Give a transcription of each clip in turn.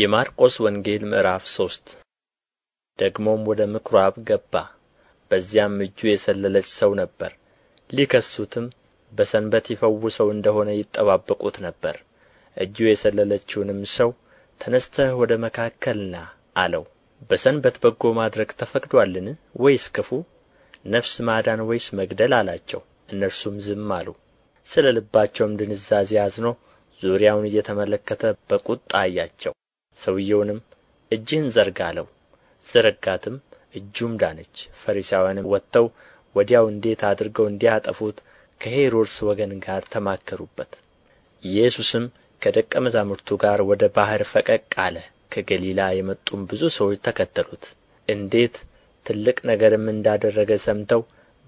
የማርቆስ ወንጌል ምዕራፍ ሶስት ደግሞም ወደ ምኵራብ ገባ በዚያም እጁ የሰለለች ሰው ነበር። ሊከሱትም በሰንበት ይፈውሰው ሰው እንደሆነ ይጠባበቁት ነበር እጁ የሰለለችውንም ሰው ተነስተ ወደ መካከል ና አለው በሰንበት በጎ ማድረግ ተፈቅዷልን ወይስ ክፉ ነፍስ ማዳን ወይስ መግደል አላቸው እነርሱም ዝም አሉ ስለ ልባቸውም ድንዛዜ አዝኖ ዙሪያውን እየተመለከተ በቁጣ አያቸው ሰውየውንም እጅህን ዘርጋ አለው ዘረጋትም እጁም ዳነች ፈሪሳውያንም ወጥተው ወዲያው እንዴት አድርገው እንዲያጠፉት ከሄሮድስ ወገን ጋር ተማከሩበት ኢየሱስም ከደቀ መዛሙርቱ ጋር ወደ ባሕር ፈቀቅ አለ ከገሊላ የመጡም ብዙ ሰዎች ተከተሉት እንዴት ትልቅ ነገርም እንዳደረገ ሰምተው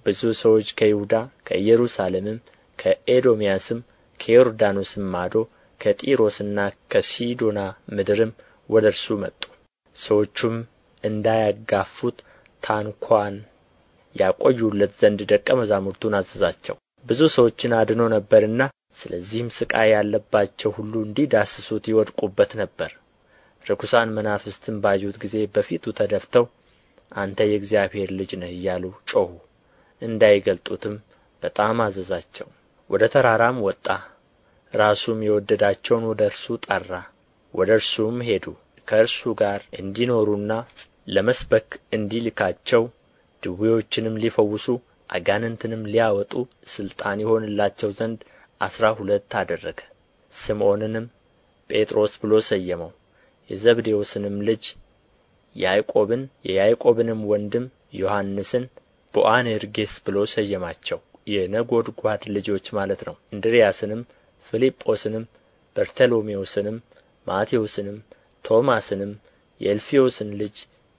ብዙ ሰዎች ከይሁዳ ከኢየሩሳሌምም ከኤዶምያስም ከዮርዳኖስም ማዶ ከጢሮስና ከሲዶና ምድርም ወደ እርሱ መጡ ሰዎቹም እንዳያጋፉት ታንኳን ያቆዩለት ዘንድ ደቀ መዛሙርቱን አዘዛቸው ብዙ ሰዎችን አድኖ ነበርና ስለዚህም ሥቃይ ያለባቸው ሁሉ እንዲዳስሱት ይወድቁበት ነበር ርኩሳን መናፍስትም ባዩት ጊዜ በፊቱ ተደፍተው አንተ የእግዚአብሔር ልጅ ነህ እያሉ ጮኹ እንዳይገልጡትም በጣም አዘዛቸው ወደ ተራራም ወጣ ራሱም የወደዳቸውን ወደ እርሱ ጠራ ወደ እርሱም ሄዱ ከእርሱ ጋር እንዲኖሩና ለመስበክ እንዲልካቸው ድዌዎችንም ሊፈውሱ አጋንንትንም ሊያወጡ ሥልጣን ይሆንላቸው ዘንድ አሥራ ሁለት አደረገ ስምዖንንም ጴጥሮስ ብሎ ሰየመው የዘብዴዎስንም ልጅ ያዕቆብን የያዕቆብንም ወንድም ዮሐንስን ቦአኔርጌስ ብሎ ሰየማቸው የነጎድጓድ ልጆች ማለት ነው እንድርያስንም ፊልጶስንም በርተሎሜዎስንም ማቴዎስንም ቶማስንም የእልፍዮስን ልጅ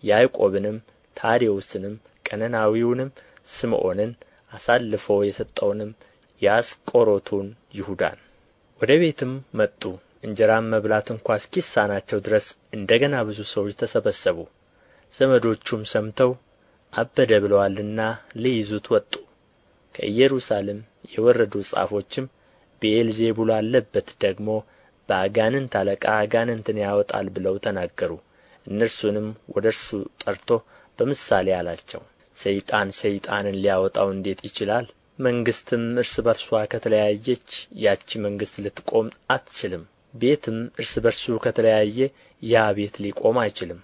ያዕቆብንም ታዴዎስንም ቀነናዊውንም ስምዖንን አሳልፎ የሰጠውንም የአስቆሮቱን ይሁዳን ወደ ቤትም መጡ እንጀራም መብላት እንኳ እስኪሳናቸው ድረስ እንደ ገና ብዙ ሰዎች ተሰበሰቡ ዘመዶቹም ሰምተው አበደ ብለዋልና ሊይዙት ወጡ ከኢየሩሳሌም የወረዱ ጻፎችም ብዔል ዜቡል አለበት ደግሞ በአጋንንት አለቃ አጋንንትን ያወጣል ብለው ተናገሩ እነርሱንም ወደ እርሱ ጠርቶ በምሳሌ አላቸው ሰይጣን ሰይጣንን ሊያወጣው እንዴት ይችላል መንግሥትም እርስ በርሷ ከተለያየች ያች መንግሥት ልትቆም አትችልም ቤትም እርስ በርሱ ከተለያየ ያ ቤት ሊቆም አይችልም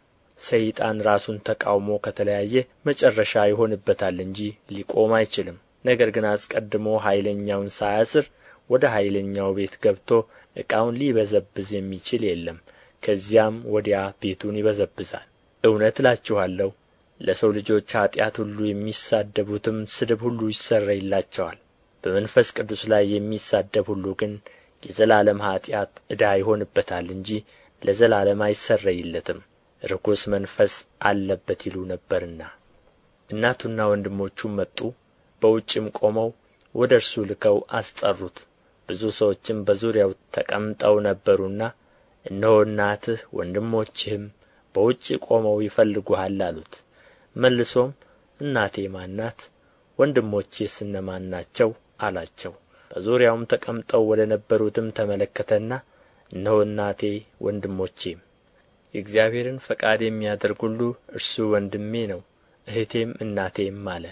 ሰይጣን ራሱን ተቃውሞ ከተለያየ መጨረሻ ይሆንበታል እንጂ ሊቆም አይችልም ነገር ግን አስቀድሞ ኃይለኛውን ሳያስር ወደ ኃይለኛው ቤት ገብቶ ዕቃውን ሊበዘብዝ የሚችል የለም ከዚያም ወዲያ ቤቱን ይበዘብዛል እውነት እላችኋለሁ ለሰው ልጆች ኀጢአት ሁሉ የሚሳደቡትም ስድብ ሁሉ ይሰረይላቸዋል በመንፈስ ቅዱስ ላይ የሚሳደብ ሁሉ ግን የዘላለም ኀጢአት ዕዳ ይሆንበታል እንጂ ለዘላለም አይሰረይለትም ርኩስ መንፈስ አለበት ይሉ ነበርና እናቱና ወንድሞቹም መጡ በውጭም ቆመው ወደ እርሱ ልከው አስጠሩት ብዙ ሰዎችም በዙሪያው ተቀምጠው ነበሩና እነሆ እናትህ ወንድሞችህም በውጭ ቆመው ይፈልጉሃል አሉት መልሶም እናቴ ማናት? ናት ወንድሞቼስ እነማን ናቸው አላቸው በዙሪያውም ተቀምጠው ወደ ነበሩትም ተመለከተና እነሆ እናቴ ወንድሞቼም የእግዚአብሔርን ፈቃድ የሚያደርግ ሁሉ እርሱ ወንድሜ ነው እህቴም እናቴም አለ